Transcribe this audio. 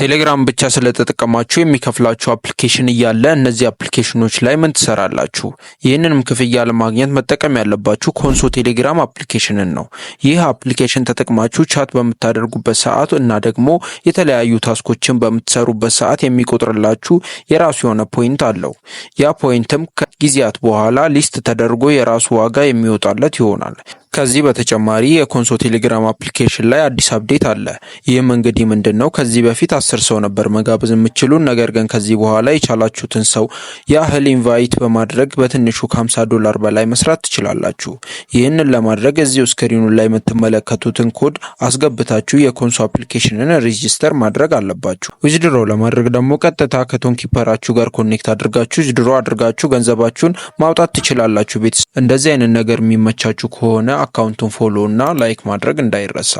ቴሌግራም ብቻ ስለተጠቀማችሁ የሚከፍላችሁ አፕሊኬሽን እያለ እነዚህ አፕሊኬሽኖች ላይ ምን ትሰራላችሁ? ይህንንም ክፍያ ለማግኘት መጠቀም ያለባችሁ ኮንሶ ቴሌግራም አፕሊኬሽንን ነው። ይህ አፕሊኬሽን ተጠቅማችሁ ቻት በምታደርጉበት ሰዓት እና ደግሞ የተለያዩ ታስኮችን በምትሰሩበት ሰዓት የሚቆጥርላችሁ የራሱ የሆነ ፖይንት አለው። ያ ፖይንትም ከጊዜያት በኋላ ሊስት ተደርጎ የራሱ ዋጋ የሚወጣለት ይሆናል። ከዚህ በተጨማሪ የኮንሶ ቴሌግራም አፕሊኬሽን ላይ አዲስ አፕዴት አለ። ይህም እንግዲህ ምንድን ነው ከዚህ በፊት አስር ሰው ነበር መጋበዝ የምችሉን፣ ነገር ግን ከዚህ በኋላ የቻላችሁትን ሰው ያህል ኢንቫይት በማድረግ በትንሹ ከ50 ዶላር በላይ መስራት ትችላላችሁ። ይህንን ለማድረግ እዚሁ ስክሪኑ ላይ የምትመለከቱትን ኮድ አስገብታችሁ የኮንሶ አፕሊኬሽንን ሬጂስተር ማድረግ አለባችሁ። ዊዝድሮ ለማድረግ ደግሞ ቀጥታ ከቶን ኪፐራችሁ ጋር ኮኔክት አድርጋችሁ ዊዝድሮ አድርጋችሁ ገንዘባችሁን ማውጣት ትችላላችሁ። ቤት እንደዚህ አይነት ነገር የሚመቻችሁ ከሆነ አካውንቱን ፎሎ እና ላይክ ማድረግ እንዳይረሳ